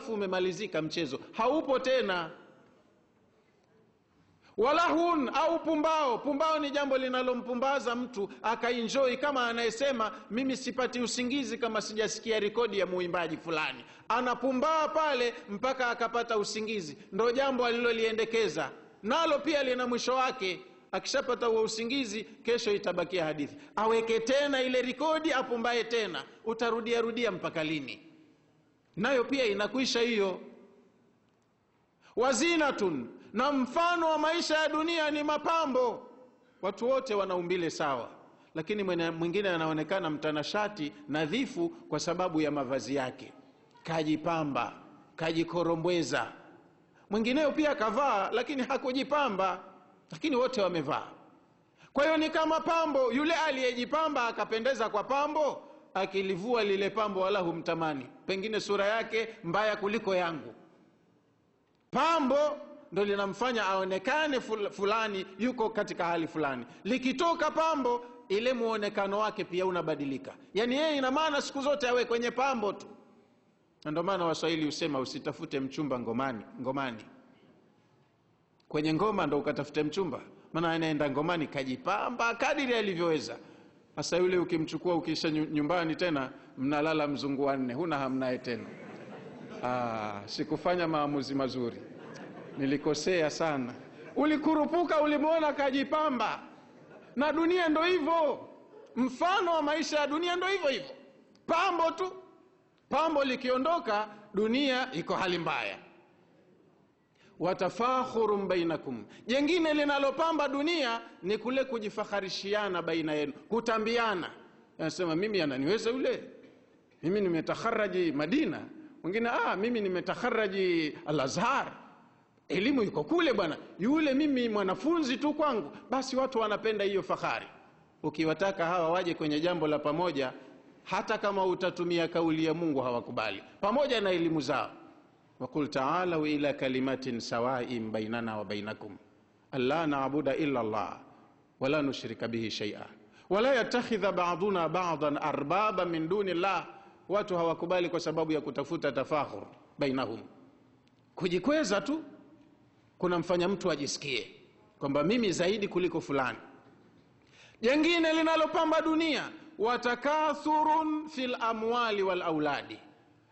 alafu umemalizika mchezo haupo tena walahun au pumbao pumbao ni jambo linalompumbaza mtu akainjoi kama anayesema mimi sipati usingizi kama sijasikia rekodi ya muimbaji fulani anapumbaa pale mpaka akapata usingizi ndo jambo aliloliendekeza nalo pia lina mwisho wake akishapata huo usingizi kesho itabakia hadithi aweke tena ile rekodi apumbae tena utarudia rudia mpaka lini nayo pia inakwisha hiyo wazinatun na mfano wa maisha ya dunia ni mapambo watu wote wanaumbile sawa lakini mwingine anaonekana mtanashati nadhifu kwa sababu ya mavazi yake kajipamba kajikorombweza mwingineo pia kavaa lakini hakujipamba lakini wote wamevaa kwa hiyo ni kama pambo yule aliyejipamba akapendeza kwa pambo akilivua lile pambo wala humtamani pengine sura yake mbaya kuliko yangu pambo ndo linamfanya aonekane fulani yuko katika hali fulani likitoka pambo ile muonekano wake pia unabadilika yaani yeye ina maana siku zote awe kwenye pambo tu na ndio maana waswahili husema usitafute mchumba ngomani ngomani kwenye ngoma ndo ukatafute mchumba maana anaenda ngomani kajipamba kadiri alivyoweza hasa yule ukimchukua ukiisha nyumbani tena mnalala mzungu wanne, huna hamnaye tena. Ah, sikufanya maamuzi mazuri, nilikosea sana. Ulikurupuka, ulimwona kajipamba, na dunia ndo hivyo. Mfano wa maisha ya dunia ndo hivyo hivyo, pambo tu. Pambo likiondoka, dunia iko hali mbaya. Watafakhurun bainakum, jengine linalopamba dunia ni kule kujifakharishiana baina yenu, kutambiana, anasema mimi ananiweza yule mimi nimetaharaji Madina, mwingine ah, mimi nimetaharaji Al-Azhar, elimu iko kule bwana, yule mimi mwanafunzi tu kwangu. Basi watu wanapenda hiyo fahari. Ukiwataka hawa waje kwenye jambo la pamoja, hata kama utatumia kauli ya Mungu hawakubali, pamoja na elimu zao. Wakul taalau ila kalimatin sawain bainana wa bainakum alla naabuda illa Allah wala nushrika bihi shaia wala yatakhidha baduna badan arbaba min duni llah watu hawakubali kwa sababu ya kutafuta tafakhur bainahum kujikweza tu kunamfanya mtu ajisikie kwamba mimi zaidi kuliko fulani jengine linalopamba dunia watakathurun fil amwali wal auladi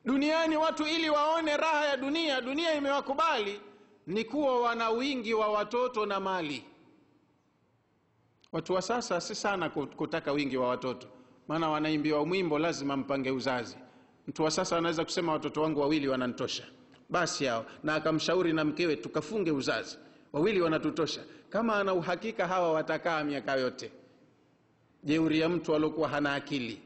duniani watu ili waone raha ya dunia dunia imewakubali ni kuwa wana wingi wa watoto na mali watu wa sasa si sana kutaka wingi wa watoto maana wanaimbiwa mwimbo lazima mpange uzazi mtu wa sasa anaweza kusema watoto wangu wawili wanantosha basi hao na akamshauri na mkewe tukafunge uzazi wawili wanatutosha kama ana uhakika hawa watakaa miaka yote jeuri ya mtu aliokuwa hana akili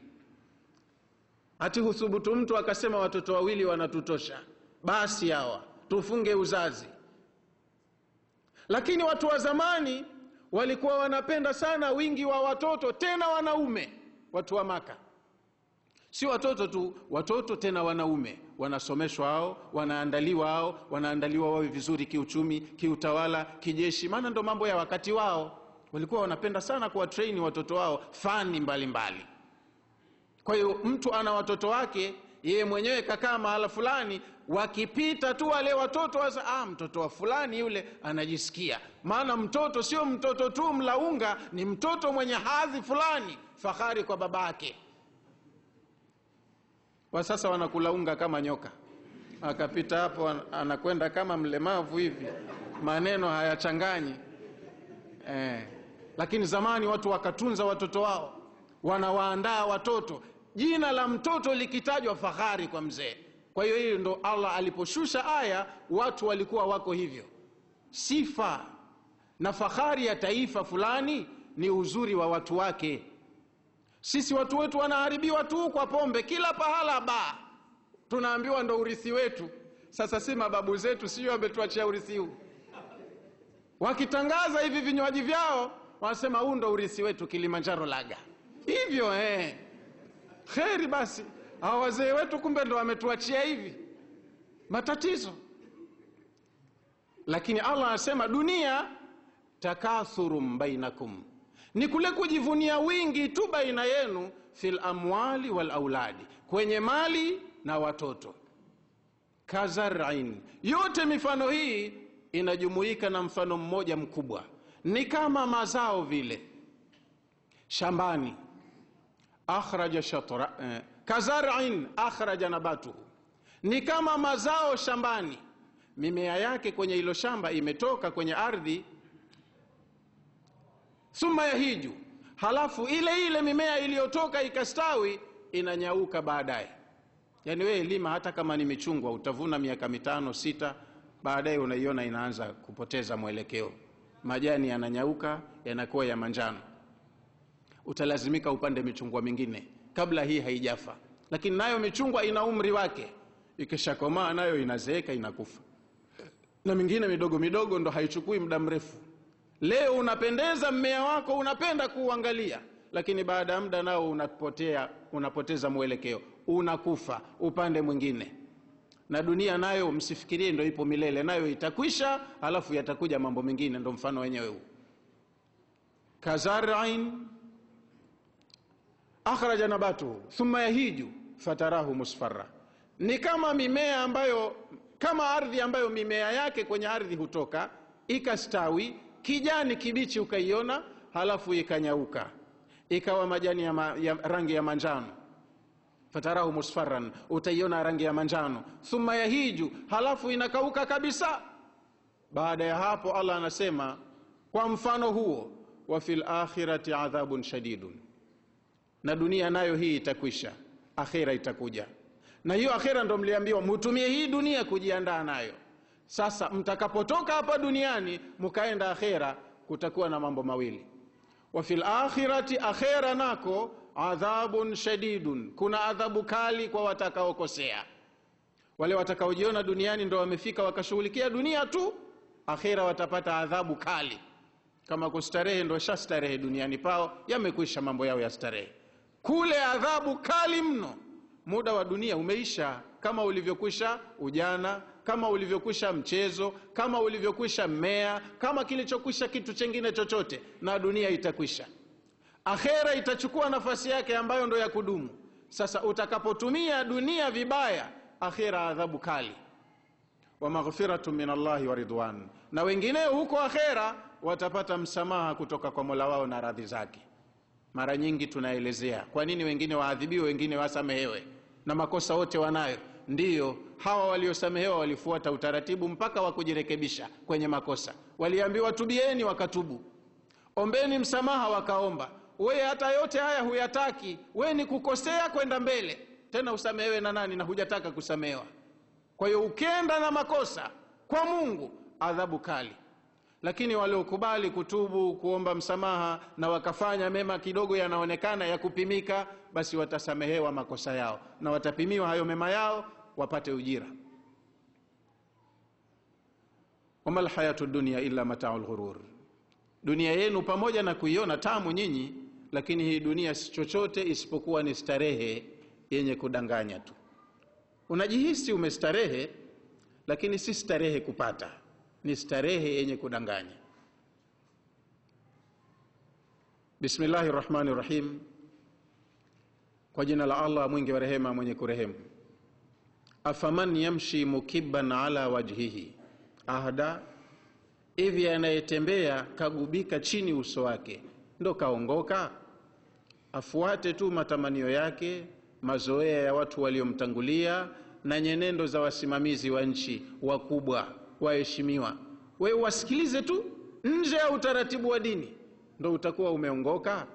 hati huthubutu mtu akasema watoto wawili wanatutosha basi hawa tufunge uzazi lakini watu wa zamani walikuwa wanapenda sana wingi wa watoto tena wanaume watu wa Maka, si watoto tu, watoto tena wanaume wanasomeshwa hao, wanaandaliwa hao, wanaandaliwa wawe vizuri kiuchumi, kiutawala, kijeshi, maana ndo mambo ya wakati wao. Walikuwa wanapenda sana kuwatraini watoto wao fani mbalimbali. Kwa hiyo mtu ana watoto wake yeye mwenyewe kakaa mahala fulani wakipita tu wale watoto wasa, ah, mtoto wa fulani yule anajisikia maana mtoto sio mtoto tu mlaunga ni mtoto mwenye hadhi fulani fahari kwa babake kwa sasa wanakulaunga kama nyoka akapita hapo anakwenda kama mlemavu hivi maneno hayachanganyi eh. lakini zamani watu wakatunza watoto wao wanawaandaa watoto jina la mtoto likitajwa fahari kwa mzee. Kwa hiyo hiyo ndo Allah aliposhusha aya, watu walikuwa wako hivyo. Sifa na fahari ya taifa fulani ni uzuri wa watu wake. Sisi watu wetu wanaharibiwa tu kwa pombe, kila pahala ba tunaambiwa ndo urithi wetu. Sasa si mababu zetu sio ametuachia urithi huu? Wakitangaza hivi vinywaji vyao wanasema huu ndo urithi wetu, Kilimanjaro laga hivyo eh kheri basi hawa wazee wetu kumbe ndo wametuachia hivi matatizo lakini allah anasema dunia takathurum bainakum ni kule kujivunia wingi tu baina yenu fil amwali wal auladi kwenye mali na watoto kazarin yote mifano hii inajumuika na mfano mmoja mkubwa ni kama mazao vile shambani akhraja shatra eh, kazarin akhraja nabatuhu, ni kama mazao shambani, mimea yake kwenye hilo shamba imetoka kwenye ardhi. Thumma yahiju, halafu ile ile mimea iliyotoka ikastawi inanyauka baadaye. Yani wewe lima, hata kama ni michungwa utavuna miaka mitano sita, baadaye unaiona inaanza kupoteza mwelekeo, majani yananyauka, yanakuwa ya manjano utalazimika upande michungwa mingine kabla hii haijafa lakini nayo michungwa ina umri wake ikishakomaa nayo inazeeka inakufa na mingine midogo midogo ndo haichukui muda mrefu leo unapendeza mmea wako unapenda kuuangalia lakini baada ya muda nao unapotea unapoteza mwelekeo unakufa upande mwingine na dunia nayo msifikirie ndo ipo milele nayo itakwisha alafu yatakuja mambo mengine ndo mfano wenyewe huu kazarain akhraja nabatuhu thumma yahiju fatarahu musfarra, ni kama mimea ambayo kama ardhi ambayo mimea yake kwenye ardhi hutoka ikastawi kijani kibichi, ukaiona halafu ikanyauka ikawa majani ya, ma, ya rangi ya manjano fatarahu musfaran, utaiona rangi ya manjano. Thumma yahiju, halafu inakauka kabisa. Baada ya hapo, Allah anasema kwa mfano huo, wa fil akhirati adhabun shadidun na dunia nayo hii itakwisha akhira itakuja na hiyo akhira ndo mliambiwa mutumie hii dunia kujiandaa nayo sasa mtakapotoka hapa duniani mkaenda akhera kutakuwa na mambo mawili wa fil akhirati akhera nako adhabun shadidun kuna adhabu kali kwa watakaokosea wale watakaojiona duniani ndo wamefika wakashughulikia dunia tu akhera watapata adhabu kali kama kustarehe ndo shastarehe duniani pao yamekwisha mambo yao ya starehe kule adhabu kali mno. Muda wa dunia umeisha, kama ulivyokwisha ujana, kama ulivyokwisha mchezo, kama ulivyokwisha mmea, kama kilichokwisha kitu chengine chochote, na dunia itakwisha. Akhera itachukua nafasi yake ambayo ndo ya kudumu. Sasa utakapotumia dunia vibaya, akhera adhabu kali wa maghfiratu min Allahi wa ridwan, na wengineo huko akhera watapata msamaha kutoka kwa Mola wao na radhi zake mara nyingi tunaelezea kwa nini wengine waadhibiwe, wengine wasamehewe, na makosa wote wanayo. Ndiyo, hawa waliosamehewa walifuata utaratibu mpaka wa kujirekebisha kwenye makosa. Waliambiwa tubieni, wakatubu, ombeni msamaha, wakaomba. wee hata yote haya huyataki, we ni kukosea kwenda mbele tena, usamehewe na nani na hujataka kusamehewa? Kwa hiyo ukenda na makosa kwa Mungu, adhabu kali lakini waliokubali kutubu kuomba msamaha na wakafanya mema kidogo yanaonekana ya kupimika, basi watasamehewa makosa yao na watapimiwa hayo mema yao wapate ujira. wama lhayatu dunia illa matau lghurur, dunia yenu pamoja na kuiona tamu nyinyi, lakini hii dunia si chochote isipokuwa ni starehe yenye kudanganya tu. Unajihisi umestarehe, lakini si starehe kupata ni starehe yenye kudanganya bismillahi rahmani rahim kwa jina la allah mwingi wa rehema mwenye kurehemu afaman yamshi mukiban ala wajhihi ahda hivi anayetembea kagubika chini uso wake ndo kaongoka afuate tu matamanio yake mazoea ya watu waliomtangulia na nyenendo za wasimamizi wa nchi wakubwa waheshimiwa. We wasikilize tu nje ya utaratibu wa dini, ndo utakuwa umeongoka.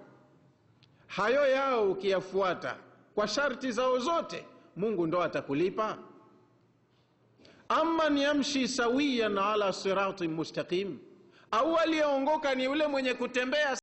Hayo yao ukiyafuata kwa sharti zao zote, Mungu ndo atakulipa. Amman yamshi sawiyan ala sirati mustaqim, au aliyeongoka ni yule mwenye kutembea